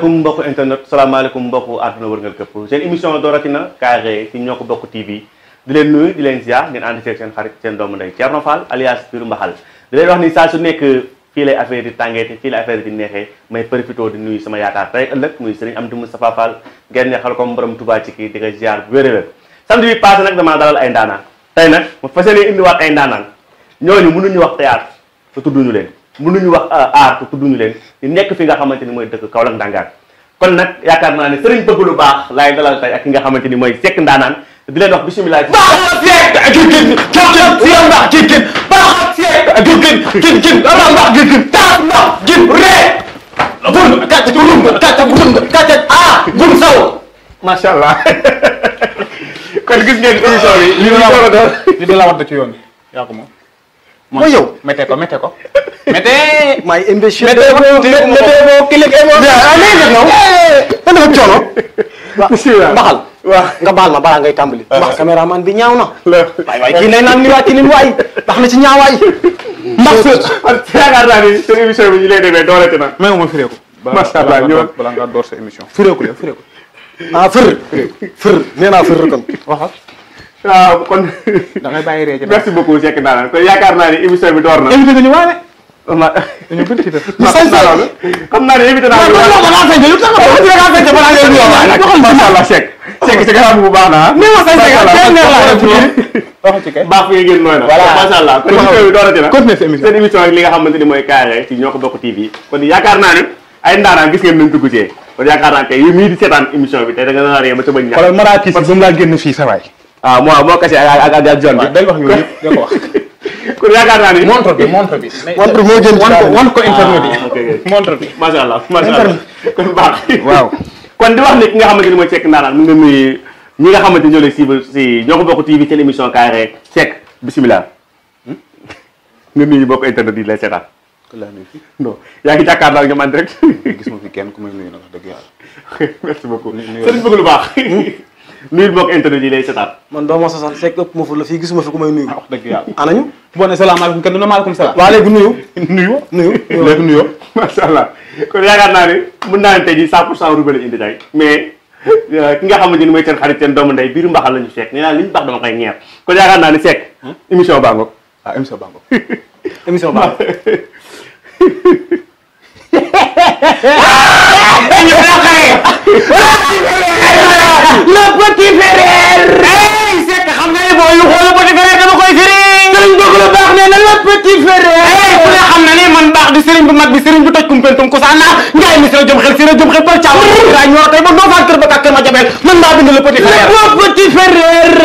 salaamaaleykum mbokku internet salaamaaleykum mbokku àdduna wërngal këpp seen émission dooratina carré ci ñoo ko bokk TV di leen nuyu di leen ziar ngeen ànd seeg seen xarit seen doomu ndey Thierno Fall alias Pire Mbaxal di leen wax ni saa su nekk fii lay affaire di tàngeete fii lay affaire di neexee may profité di nuyu sama yaakaar tey ëllëg muy sëriñ Amdi Moustapha Fall ngeen neexal ko borom Touba ci kii di nga bu wér-wér samedi bi passé nag damaa dalal ay ndaanaan tey nag ma fas yéene indiwaat ay ndaanaan ñooñu mënuñu wax mënuñu wax ah, aar te tudduñu leen ñu nekk fi nga xamante ni mooy dëkk Kaolack Ndangaan kon nag yaakaar naa ne sëriñ bëgg lu baax laay dalal tey ak ki nga xamante ni mooy Seck Ndanane di leen wax bisimilah. baaxul Seck gin gin gin gin baaxul Seck gin gin gin ala gin gin taal mbax gin ree bun kàcc rumb kàcc rumb kàcc ah bun saw macha allah kon gis ngeen émission bi li ñu la war a doon yoon yaa ko moom mooy yow méttee ko méttee ko Mété. maa ngi indi chute mété boo mété boo kilik émoom. ah nee nga ñëw. man dafa coono. waaw baxal. waaw nga baal ma balaa ngay tàmbali. mbax eh. caméraman bi ñaaw na. waay waay kii nay naan nii waay kii nii waay ndax na ci ñaawaay. mbax su yaakaar naa ni seen émission bi ñu lay demee doolete na. même ma firéeku. macha allah ñëw balaa ngaa door sa émission. firéeku la firéeku. ah fër. fër nee naa fër kon waxal. waaw ah, kon. da ngay bàyyi rek merci beaucoup Seck Ndanane kon yaakaar naa ni émission bi door na. invité ñu waane. ma ñu bëri ci def. ma xam naa loolu. xam naa ne évité naa. waaw loolu la nga fekk lu tax nga fekk balaa ngay nuyoo waaye nag. macha allah Cheikh. Cheikh si garabu bu baax naa. mais ma sañ Cheikh teel na la wax ci kay baax bi nga génn nooy na. voilà macha allah kon émission bi doorati na. continué sa émission seen émission ak li nga xamante ni mooy Kaare ci Ñoo Ko Bokk TV. kon yaakaar naa ne ay ndaanaan gis ngeen nañ dugg cee kon yaakaar naa tey yow mii di seetaan émission bi tey da nga naan réew ba sama ñaar. xoolal maraakis bi ba mu laa génn fii sa waay. waaw moo moo kase ak ak ak John bi. waaw day wax yooyu yëpp day ko wax. kon yaakaar naa ne. montre bi montre bi. montre moo jëm ci ko wan ko internet bi. Ah, montre bi macha allah macha allah kon baax. waaw kon di wax ne ki nga xamante ni mooy Seck Ndanane mu ngi nuyu ñi nga xamante ni ñoo lay suivre si Ñoo ko bokk TV seen émission Kaare Seck bisimilah. Hmm? nga nuyu bokk internet yi lay seetaan. non yaa ngi jàkkaarloo ak ñoom ànd ma fi kenn ku may nuyu nag wax dëgg yàlla. merci beaucoup sëriñ bëgg boo baax. nuyul bokk internet yi lay seetaan. man doo ma sosoon Seck ëpp ma fu la fii gisuma fi ku may nuyu. Ah, wax dëgg yàlla anañu. boo nee salaamaaleykum kenn du ne maaleykum salaam. waaw léegi nuyu. nuyu nuyu léegi nuyoo. macha allah kon yaakaar naa ne mun naa ne tey jii 100 pour 100 ruba lañ indi euh, ki nga xamante ni mooy seen xarit seen doomu ndey biir mbaxal la na fekk nee naa li ñu baax dama koy ñeer kon yaakaar naa ne Seck. Hmm? émission baa ngoog waaw ah, émission nga ne boo yu xool le petit frère dama koy firi. différent eh ku ne xam na ne man baax di sëriñ bu mag bi sëriñ bu toj kumpentum ko sa naa ngaay mi sira jëm xel sira jëm xel par caawa raa ñor tey ba doo faa kër ba kàkk ma jabeel man maa bind la petit frère petit frère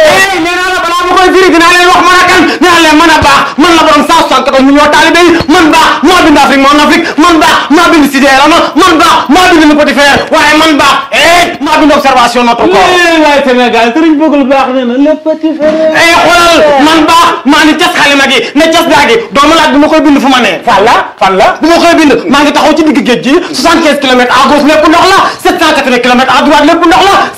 ma koy firi dinaa leen wax mën a kan dinaa leen mën a baax man la borom 174 millions taalibe yi man baax maa bind Afrique moom Afrique man baax maa bind Cité Lama man baax maa bind Le Petit Frère waaye man baax eh maa bind observation notre corps. waaye Sénégal sëriñ bëggul baax nee na Le Petit Frère. eh xoolal man baax maa ngi cas xalima gi ne cas daa gi doo ma laaj bu ma koy bind fu ma nee. fan la fan la bu ma koy bind maa ngi taxaw ci digg géej gi 75 kilomètres à gauche lépp ndox la 780 kilomètres à droite lépp ndox la.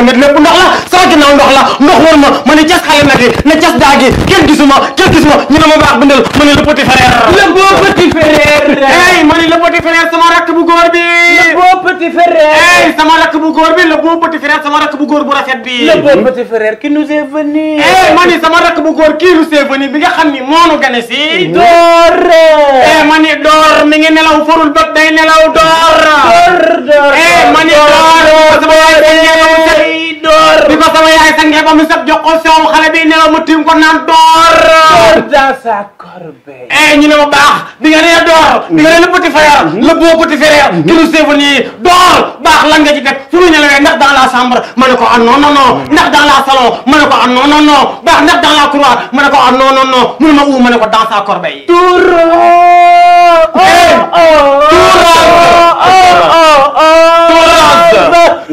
sama nit lépp ndox la sama ginnaaw ndox la ndox war ma ma ne cas xale nag yi ne cas daa gi kenn gisuma kenn gisuma ñu ne ma baax bindal ma ne le petit frère le beau petit frère ey ma ne le petit frère sama rakk bu góor bi le beau petit frère ey sama rakk bu góor bi le beau petit frère sama rakk bu góor bu rafet bi le beau petit frère qui nous est venu ey ma ne sama rakk bu góor kii nous est venu bi nga xam ni moonu gane si door ey ma ne door mi ngi nelaw forul bët day nelaw door door door ey ma ne door sama yaay bi nelaw door. bi ko sama yaay sàngee ba mu set jox ko soow xale bi nelaw mu tiim ko naan door. door dans sa corbeille. eh ñu ne ma baax bi nga nee door. bi nga nee le petit frère. le beau petit frère. ki nu sévenu door baax lan nga ci def fu mu nelawee ndax dans la chambre ma ne ko a ah, non non non ndax dans la salon ma ne ko a ah, non non non baax ndax dans la couloir ma ne ko ah non non non mënu ma uu ma ne ko dans sa corbeille. door.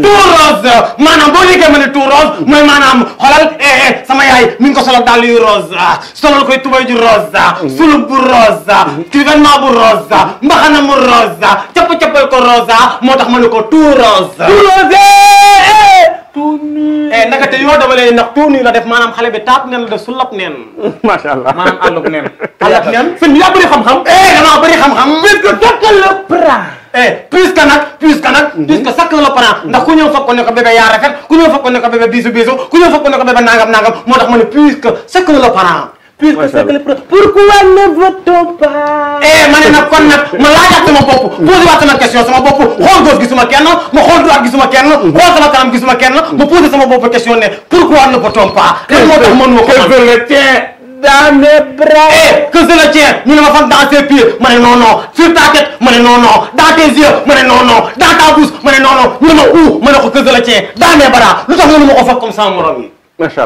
tout rose maanaam boo déggee ma ne tout rose mooy maanaam xolal eh, eh, sama yaay mi ngi ko solal daal yu rose solal koy tubay ju rose sulub bu rose événement bu rose mbaxana mu rose capp-cappal ko rose moo tax ma ne ko tout rose tout rose eh, tuuni. naka te yoo dabalee ndax tuuni la def maanaam xale bi taat neen la def su lab neen. macha allah maanaam àllub neen. àllub neen. sëñ bi yaa bëri xam-xam. eh damaa bëri xam-xam. parce que dëkk la pra. Eh, puisque nag puisque nag mhm. puisque chacun le prend mhm. ndax ku ñëw foog ko ne ko bébé yaa rafet ku ñëw foog ko ne ko bébé biisu biisu ku ñëw foog ko ne ko bébé nangam nangam moo tax ma ne puisque chacun le prend puisque chacun le prend pourquoi ne votons pas eh ma ne nag kon nag ma laajaat sama bopp mhm. posé waat sama question sama bopp xool gauche gisuma kenn ma xool droite gisuma kenn xool sama kanam gisuma kenn ma posé sama bopp question ne pourquoi ne votons pas lan moo tax mënuma ko dans mes bras. eh que je le tiens ñu ne ma fan dans ses pieds ma ne non non sur ta tête ma ne non non dans tes yeux ma ne non non ma ne non non ñu ma où ma ne ko que je le tiens dans lu tax mënu ma ko foog comme ça morom yi. macha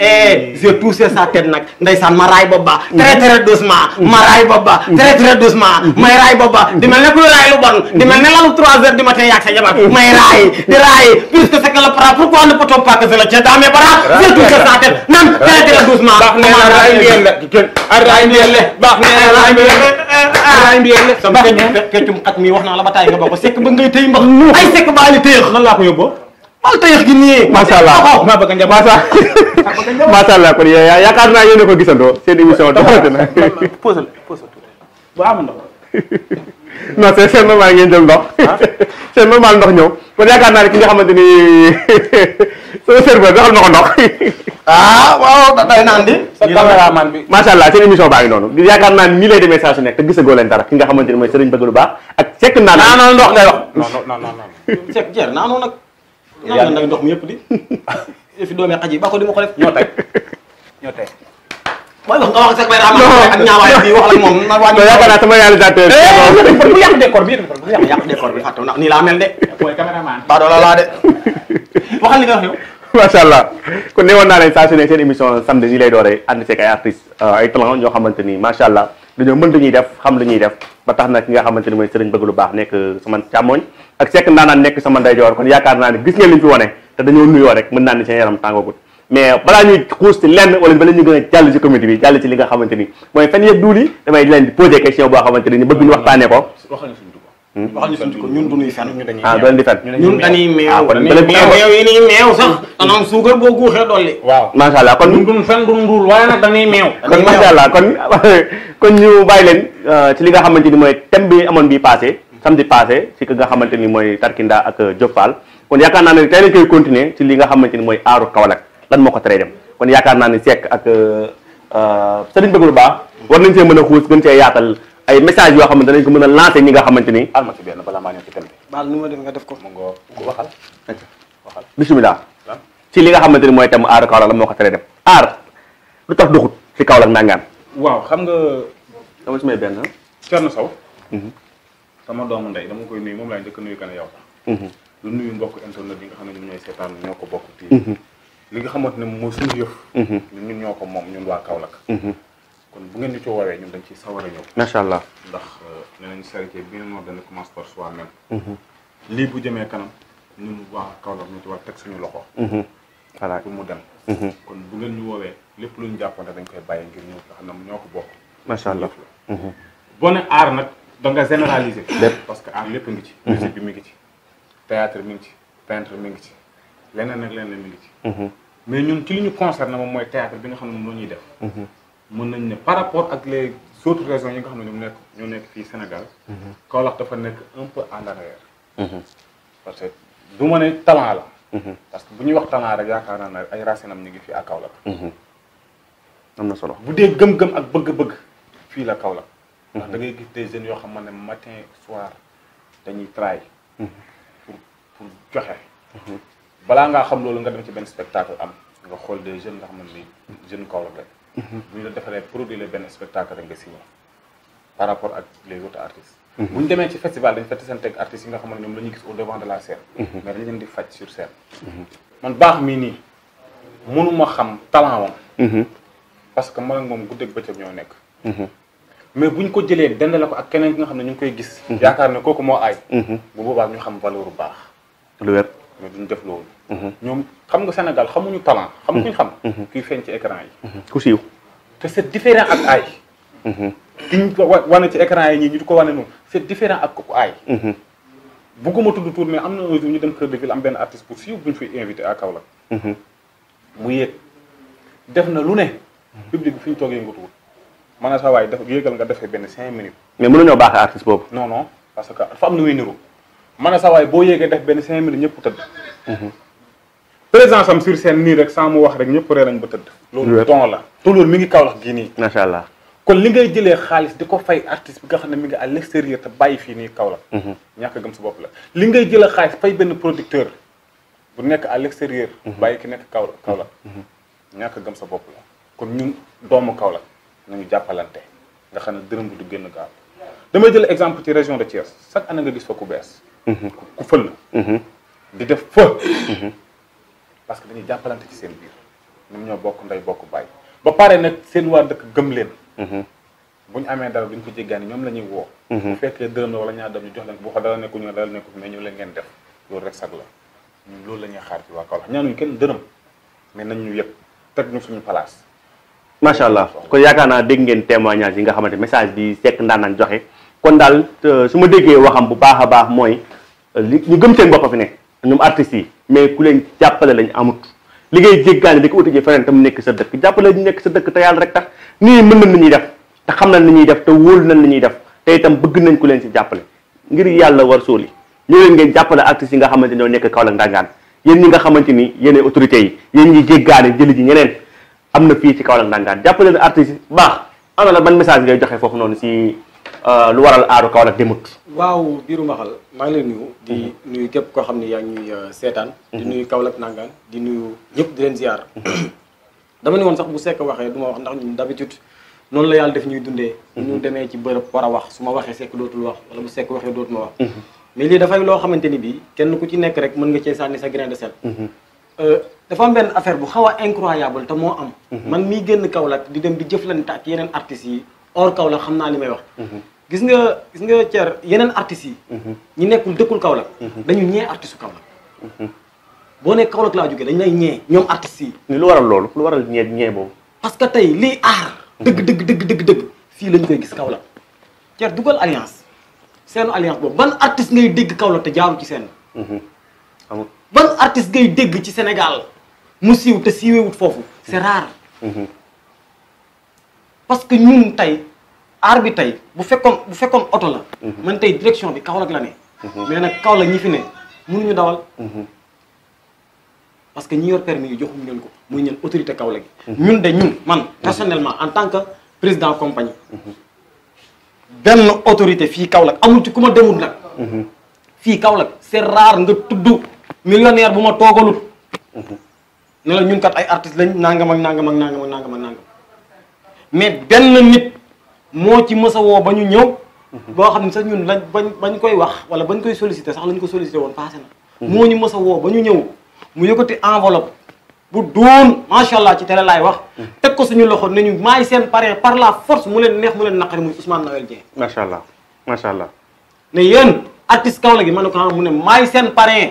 eh j'ai touché sa tête nag ndeysaan ma raay bopp ba très très doucement ma raay bopp ba très très doucement may raay bopp ba di mel ne kuy raay lu bon di mel ne lalu trois heures du matin yaag sa jabar may raay di raay puisque c'est que le para pourquoi ne peut-on pas que cela tient dans mes bras a touché sa tête nan très très doucement baax na raay mbiyel la a raay mbiyel la baax na raay mbiyel la raay mbiyel la sama mi wax naa la ba taay nga bokk sekk ba ngay tëy mbax ay sekk baa ni téyex lan laa ko yóbboo mal tayax gi nii. macha allah maa bëgg a njaboot macha allah kon yaakaar naa yéen a ko gisandoo seen émission. dafa na posal posal bu am ndox. non c'est c'est normal ngeen jël ndox. Ah. c'est normal ndox ñëw kon yaakaar naa ne ki nga xamante ni sama serveur joxal na ko ndox. ah waaw day naan di. sa caméraman bi macha allah seen émission baa ngi noonu. yaakaar naa ni nii lay demee saa su nekk te gisagoo leen dara ki nga xamante ni mooy Serigne bëgg lu baax ak Seck naanoo. naanoo ndox ngay wax. non non non non Seck jeex naanoo nag. yaa ngi ndox mi yëpp di yëfi doomi xaj yi ba ko di ma ko def nga wax sax bay daa ak ñaawaay bi wax na waa yaakaar naa sama réalisateur bu allah kon ne woon naa leen saa su ne seen émission samedi lay dooree ànd seeg ay artistes ay talent ñoo xamante ni macha allah dañoo mën lu ñuy def xam lu ñuy def ba tax na ki nga xamante ni mooy sëriñ bëgg lu baax ne nekk sama càmmoñ ak sekk ndaanaan nekk sama ndeyjoor kon yaakaar naa ne gis ngeen li fi wane te dañoo nuyoo rek mën naa ni seen yaram tàngoogut mais balaa ñuy xuus ci lenn wala bala ñu gën a jàll ci communauté bi jàll ci li nga xamante ni mooy fen yëpp duul yi leen di posé question ñu bëgg ñu waxtaanee ko waxal ñu suñu ko hmm? ñun dolli waaw allah kon ñu bàyyi leen euh, ci li nga xamante ni mooy thème bi amoon bi passé samedi passé ci ki nga xamante ni mooy Tarkinda ak Jopal euh, kon yaakaar naa ne tey lañ koy continuer ci li nga xamante ni mooy aaru Kaolack lan moo ko teree dem kon yaakaar naa ne Seck ak euh, euh, Serigne Bëgg lu baax war nañ see mën a xuus gën see yaatal ay message yoo xamante dañ ko mën a lancé ñi nga xamante ni alma si benn balaa maa ñëw ci thème bi nga def ko mu ngo ci li nga xamante ni mooy thème aaru Kaolack lan moo ko teree dem aar lu tax doxut ci Kaolack nangaan waaw xam nga dama si may benn Thierno Sow mhm. sama doomu ndey dama koy nuyu moom laay njëkk nuyu ka ne yow lu mhm. nuyu mbokk internet yi nga xam ne ñun ñooy ko bokk tii mhm. mhm. bu ngeen ñu ci woowee ñun dañ ci a ñëw macha allah ndax euh, ne nañ charité bi ngeen wax dana commence par soi-même lii bu jëmee kanam ñun bu ngeen ñu woowee lépp luñu jàppante dañ koy bàyyi ngir ñëw nga xam ko bokk macha allah aar nag donc nga généraliser. lépp parce que art ah, lépp ngi ci. musique bi mi ngi ci. théâtre mi ngi ci peintre mi ngi ci leneen ak leneen mi ngi ci. Mhm. mais ñun ci li ñu concerné moom mooy théâtre bi nga xam ne moom la ñuy def. Mhm. mën nañ ne par rapport ak les autres régions yi nga xam ne ñoom nekk ñoo nekk fii Sénégal. Mhm. Kaolack dafa nekk un peu en arrière. parce que du ma ne talent la. parce que bu ñuy wax talent rek yaakaar naa ne ay racines am ñu ngi fii à Kaolack. am na solo bu dee gëm-gëm ak bëgg-bëgg fii la Kaolack. ndax da ngay gis des jeune yoo xam ne matin soir dañuy try mhm. pour pour joxe balaa ngaa xam loolu nga dem ci benn spectacle am nga xool des jeunes nga xam ne jeune Kaolack la mhm. bu ñu la defalee produit benn spectacle rek nga signé par ak les autres artistes mhm. bu ñu demee ci festival dañu fa tesante ak artistes yi nga xam ne ñoom la ñuy gis au devant de la scène mais dañu di faj sur scène man baax mii nii mënuma xam talent wam parce que man ak moom guddeeg bëccëg ñoo nekk mais bu ñu ko jëlee dend la ko ak keneen ki nga xam ne ñu ngi koy gis. Mhm. yaakaar ne kooku moo aay. Mhm. bu boobaa ñu xam valeur bu baax. lu wér mais duñ def loolu. Mhm. ñoom xam nga Sénégal xamuñu talent. xam kuñ xam. kuy feeñ ci écran yi. ku siiw te c'est différent ak aay. ki ñu ko ci écran yi ñu di ko wane noonu c'est différent ak ku aay. bugguma tudd tour mais am na ñu dem kër de ville am benn artiste pour siiw bu ñu fiy invité à Kaolack. mu yéeg def na lu ne. public bi fi ñu toog yëngatuwul. mana ne sa waay dafa yéegal nga defee benn cinq minutes. mais mënuñoo baaxee artiste boobu. non non parce que dafa am lu muy niru ma ne sa waay boo yéegee def benn cinq minutes ñëpp tëdd. Mhm. présence am sur seen nii rek sans mu wax rek ñëpp ree nañ ba tëdd. loolu don la te loolu mi ngi la gii nii. macha allah kon li ngay jëlee xaalis di ko fay artiste bi nga xam ne mi ngi à l'extérieur te bàyyi fii nii Kaolack. Mhm. ñàkk gëm sa bopp la li ngay jëlee xaalis fay benn producteur bu nekk à l'extérieur. Mhm. bàyyi ki nekk Kaolack Kaolack. ñàkk gëm sa bopp kon ñun doomu Kaolack. nañu jàppalante nga xam ne dërëm bu du génn gaaw damay jël exemple ci région de Thiès chaque année nga gis fa ku bees. Mhm. ku fël. Mhm. di def fa. Mhm. parce que dañuy jàppalante ci seen biir ñoom ñoo bokk ndey bokk bàyyi ba pare nag seen waa dëkk gëm leen. bu ñu amee dara duñ ko jéggaani ñoom la ñuy woo. bu fekkee dërëm la wala ñaar dërëm ñu jox leen bu wax dara nekku ñu dara nekku mais leen ngeen def loolu rek sag la ñun loolu la ñuy waa Kaolack ñaanuñu kenn dërëm macha allah kon yaakaar naa dégg ngeen témoignage yi nga xamante message bi Seck Ndanane joxe kon daal euh, su ma déggee waxam bu baax a baax mooy euh, li ñu gëm seen bopp fi ne ñoom artistes yi mais ku leen jàppale lañ amut li ngay jéggaani di ko uti ji feneen tam nekk sa dëkk jàppale ñu nekk sa dëkk te yàlla rek tax nii mën nañ li ñuy def te xam na li ñuy def te wóolu nañ li ñuy def te itam bëgg nañ ku leen si jàppale ngir yàlla war sóoli ñoo leen ngeen jàppale artistes yi nga xamante noo nekk Kaolack Ndangaan yéen ñi nga xamante ni yéen autorités yi ñi jéggaani jëli ji ñeneen am na fii ci Kaolack ndangaan jàpp leen artiste baax ana la ban message ngay joxe foofu noonu si euh, lu waral aaru Kaolack demut waaw biiru maxal maa ngi lay nuyu di mhm. nuyu képp koo xam ne yaa ñuy euh, seetaan di mhm. nuyu Kaolack nangaan di nuyu ñëpp di leen ziar mhm. dama ne woon sax bu sekk waxee du wax ndax ñun d'habitude noonu la yàlla def ñuy dundee nu demee ci bërëb war a wax su ma waxee sekk dootul wax wala bu sekk waxee dootul ma wax mais lii dafay loo xamante ni bii kenn ku ci nekk rek mën nga cee sànni sa grain de sel Euh, dafa am benn affaire bu xaw a incroyable te moo am. Mhm. man mii génn Kaolack di dem di jëflante ak yeneen artistes yi hors Kaolack xam naa li may wax. Mhm. gis nga gis nga yeneen artistes yi. Mhm. ñi nekkul dëkkul Kaolack. dañu ñee artistes Kaolack. boo nee Kaolack laa jógee dañ lay ñee ñoom artistes yi. lu waral loolu lu waral ñee ñee boobu. parce que tey lii aar. dëgg dëgg dëgg dëgg dëgg fii lañ koy gis Kaolack. Thier dugal alliance. seen alliance boobu ban artiste ngay dégg Kaolack te jaaru ci seen. amul. ban artiste ngay dégg ci Sénégal mu siiw te siiweewut foofu c'est rare. Mhm. parce que ñun tey aar bi tey bu fekkoon bu fekkoon oto la. Mhm. man tey direction bi Kaolack la ne. Mhm. mais nag Kaolack ñi fi ne ñu dawal. parce que ñi yor permis yi joxuñu leen ko muy ñeen autorité Kaolack gi. ñun de ñun man personnellement en tant que président compagnie. benn autorité fii Kaolack amul ci ku ma demul nag. fii Kaolack c'est rare nga tudd. millionnaire bu ma toogalut mhm. ne la ñun kat ay artistes lañ nangam ak nangam ak nangam ak nanga ak nangam mais benn nit moo ci mës a woo ba ñu ñëw. Mhm. boo xam ne sax ñun lañ bañ bañ koy wax wala bañ koy sollicité sax lañ ko sollicité woon passé mhm. moo ñu mës a woo ba ñu ñëw mu yëkkati enveloppe bu doon macha allah ci télé laay wax. teg ko suñu loxo ne ñu maay seen parrain par la force mu leen neex mu leen naqari mu Ousmane Noël Dieng. macha allah macha allah. ne yéen artiste gi man ne ko xam ah, mu ne maay seen parrain.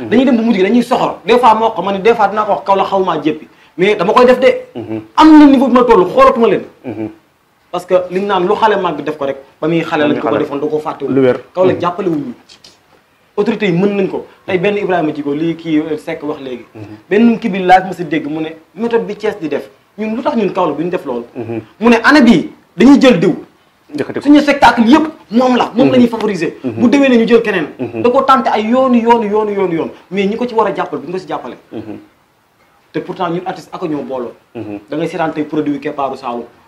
Mhm. dañuy dem bu mujj gi dañuy soxor des fois moo ko man des fois dinaa ko wax kaw maa jéppi mais dama koy def mhm. mhm. naan lu xale màgg def ko rek ba muy xale lañ ko ko defoon da ko fàtte lu wér kaw jàppale wuñu autorités yi mën nañ ko tey benn Ibrahima Djigo lii kii euh, Seck wax léegi benn kii bi laaj ma si dégg mu ne bi Thiès di def ñun lu tax ñun kaw la bu ñu def loolu mu ne année bii dañuy jël diw njëkkati suñu spectacle yëpp moom la moom la ñuy mhm. favoriser. Mhm. bu demee ne ñu jël keneen. Mhm. da ko tenté ay yoonu yoonu yoonu yoon mais ñi ko ci war a jàppale bu ñu ko si jàppale.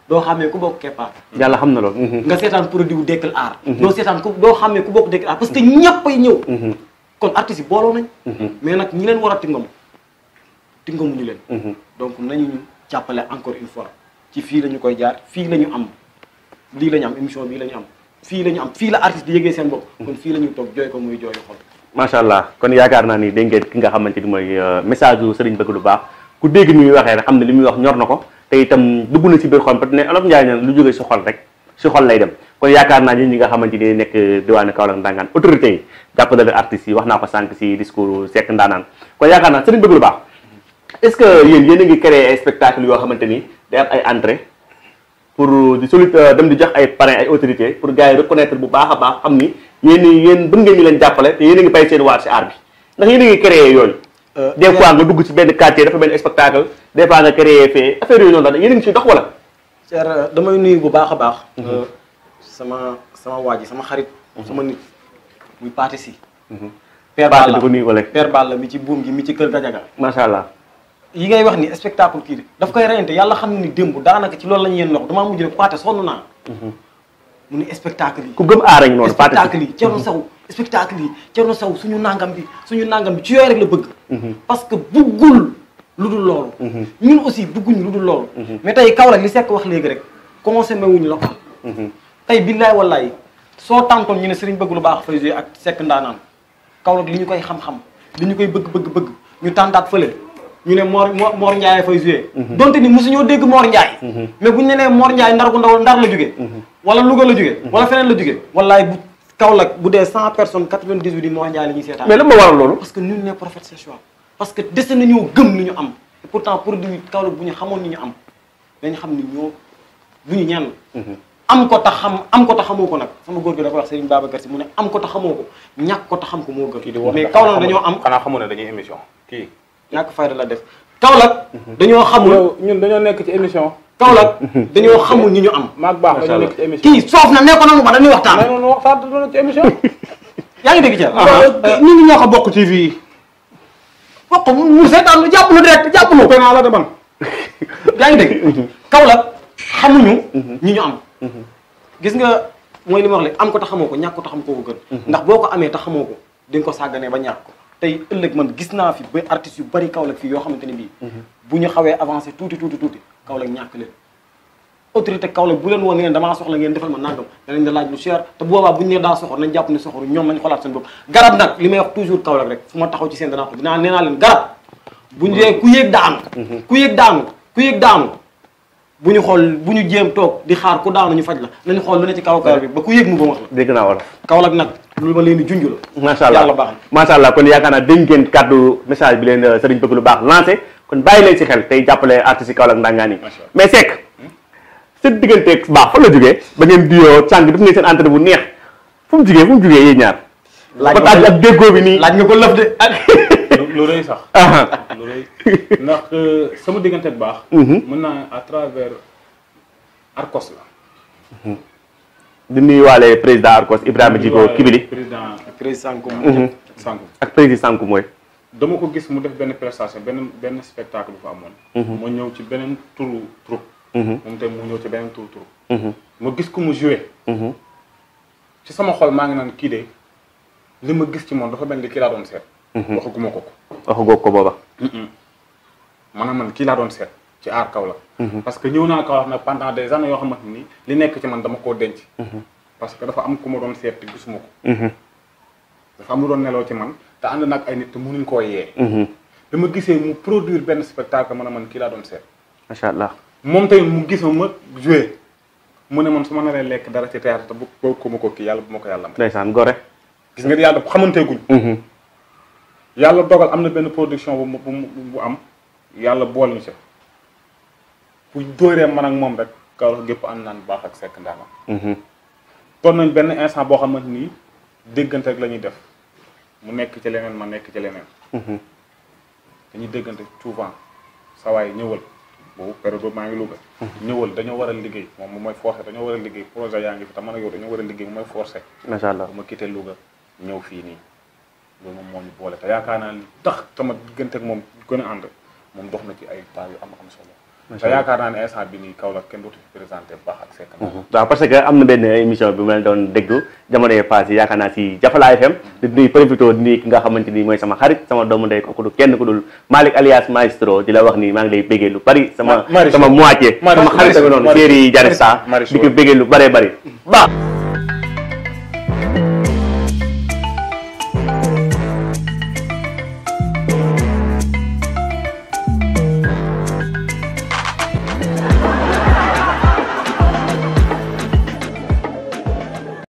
doo xamee ku bokk keppaar. parce que ñëppay ñëw. kon artistes booloo nañ. mais nag ñi leen war a tingamu tingamuñu leen. donc nañu jàppale encore une fois ci fii la ñu koy jaar fii la ñu am. lii la ñu am émission bii la ñu am fii la ñu am fii la artiste yëgee seen bopp kon fii la ñuy toog jooy ko muy jooyu xol macha allah kon yaakaar naa ni dégg ki nga xamante ni mooy euh, message u sëriñ bëgg lu baax ku dégg ni muy waxee rek xam ne li muy wax ñor na ko te itam dugg na si biir xol parce que ne olof njaay na lu jógee si xol rek si xol lay dem kon yaakaar naa ñun ñi nga xamante ni nekk diwaanu Kaolack ndangaan autorité yi jàppale artistes yi wax naa ko sànq si discours Seck ndaanaan kon yaakaar naa sëriñ bëgg lu baax est-ce que yéen yéen a ngi créé ay spectacle yoo xamante ni day am ay entrée pour di soli euh, dem di jox ay parrain ay autorité pour gars yi reconnaître bu baax a baax am ni yéen yéen bëgg mi ñu leen jàppale te yéen a ngi bàyyi seen waar si aar bi ndax yéen a ngi créé yooyu euh, des fois nga dugg si benn quartier dafa benn spectacle des fois nga créé fee affaire yooyu noonu daal yéen a ngi si dox wala cher euh, damay nuyu bu baax a baax mhm. sama sama waa ji sama xarit mhm. sama nit muy paati si mhm. père Balla ko nuyu wala père Balla mi ci buum gi mi ci kër Dajaga macha allah yi ngay wax ni spectacle kii de daf koy reyante yàlla xam ne ni démb daanaka ci loolu la ñu yéen loxo damaa mujj ne paate sonn naa mhm. mu ne spectacle yi ku gëm aarañ noonu spectacle yi Thierno Sow spectacle suñu nàngam bi suñu nangam bi ci yooyu rek la bëgg mhm. parce que buggul lu dul loolu mhm. ñun aussi bugguñ lu dul loolu mais tey Kaolack li sekk wax léegi rek consommé la local tey billaay wallaay soo tàntoon ñu ne sëriñ bëgg lu baax fay joué ak Seck ndaanaan Kaolack li ñu koy xam-xam koy bëgg-bëgg-bëgg ñu tàntaat fële ñu ne Mor Mor Ndiaye fay joué. Mhm. donte ni mosuñoo dégg Mor Ndiaye. Mhm. mais bu ñu nee Mor Ndiaye ndar gu ndaw ndar la jógee. Mhm. wala Louga la jógee. wala feneen la jógee. wallaay bu Kaolack bu dee cent la ñu am et bu ñu xamoon ni ñu am dañu xam ni ñoo bu ñu ñenn. am ko ta xam am ko ta xamoo ko nag sama góor gi da wax Serigne Babacar Si mu ne am ko ta xamoo ko ñàkk ko ta xam ko moo gëm. kii di wax mais dañoo am ñàkk fayda la def Kaolack dañoo xamul ñun dañoo nekk ci émission Kaolack dañoo xamul ñi ñu am maag baax dañoo nekk ci émission kii soof na nekkoon nañu ma dañuy waxtaan dañu waxtaan dañu ci émission yaa ngi dégg ci ñu ngi ñoo ko bokk TV yi bokk mu seetaan lu jàpp lu direct jàpp lu la da man yaa mhm. xamuñu mhm. ñi ñu am mhm. gis nga mooy li ma wax le am ko tax xamoo ko ñàkk ko ko gën ndax boo ko amee ta xamoo ko ko sàgganee ba ñàkk ko tey ëllëg man gis naa fi ba artistes yu bari Kaolack fii yoo xamante ne bii. Mhm. bu ñu xawee avancé tuuti tuuti tuuti Kaolack ñàkk leen. autorité Kaolack bu leen woon ngeen damaa soxla ngeen defal ma nangam danañ la laaj lu cher te boobaa bu ñu nee daa soxor nañ jàpp ne soxoru ñoom lañ xolaat seen bopp garab nag li may wax toujours Kaolack rek fu ma taxaw ci seen danaa ko dinaa nee naa leen garab bu ñu dee mhm. ku yéeg daanu ku yéeg daanu ku yéeg daanu bu ñu xool bu ñu jéem toog di xaar ku daanu ñu faj la ñu xool lu ne ci kaw kaw bi ba ku yëg mu ba wax la dégg naa wala Kaolack nag lu ma leen di junj la macha allah baax macha allah kon yaakaar naa dégg ngeen kàddu message bi leen euh, sëriñ bëgg lu baax lancé kon bàyyi leen si xel tey jàppale artiste yi Kaolack ndangaan yi mais Seck sa digganteeg baax fan la jógee ba ngeen diyoo sànq euh, def ngeen seen bu neex fu mu jógee fu mu jógee yéen ñaar laaj nga ko lëf de lu rëy sax. Ah. lu rëy ndax euh, sama diggante bu baax. Mhm. mën naa à travers Arcos la. Mhm. di nuyuwaale président Arcos Ibrahima Djigo Kibili. président président Sankum. Mhm. ak président Sankum mooy. dama ko gis mu def benn prestation benn benn spectacle bu fa amoon. mu ñëw ci beneen turu troupe. moom mu ci beneen turu troupe. ma gis ko mu joué. ci sama xol maa ngi naan kii de li ma gis ci moom dafa mel ni kii laa seet. Mhm. waxaguma ko ko. waxagoo ko booba. maanaam man kii laa doon seet ci aar kaw la. Mhm. parce que ñëw naa kaw wax na pendant des années yoo xamante li nekk ci man dama koo denc. Mhm. que dafa am ku ma doon seet te gisuma ko. dafa ci man te ànd nag ay nit te mënuñ koo yee. dama gisee a man kii laa doon seet. macha allah moom tamit mu mu ne man su ma lekk dara ci théâtre te bu ko ma guñ. yàlla dogal am na benn production bu mu bu am yàlla bool ñu ci bu dóoree man ak moom rek Kaolack gépp ànd naan bu baax ak Seck Ndaama. Mm-hmm. toog nañ benn instant boo xamante ni déggante rek la ñuy def mu nekk ci leneen ma nekk ci leneen. Mm-hmm. dañuy déggante souvent sa waay ñëwal boobu période boobu maa ngi Louga. Mm-hmm. ñëwal dañoo war a liggéey moom mu may forcé dañoo war a liggéey projet yaa ngi fi te man ak yow dañoo war a liggéey mu may forcé. macha allah bu ma quitté Louga ñëw fii nii. loolu moom moo yaakaar naa tax sama diggante ak moom gën a ànd moom dox na ci ay temps yu am am solo. macha yaakaar naa ne instant bi nii Kaolack kenn dootu fi présenté baax ak Seck. Mhm. waaw parce benn émission bi ma leen doon déglu jamono yee paas yaakaar naa si Jafala FM. di nuyu profité di nuyu ki nga xamante ni mooy sama xarit sama doomu ndey kooku du kenn ku dul Malick alias Maestro di la wax ni maa ngi lay béggee lu bari. sama sama moitié sama xarit ak noonu série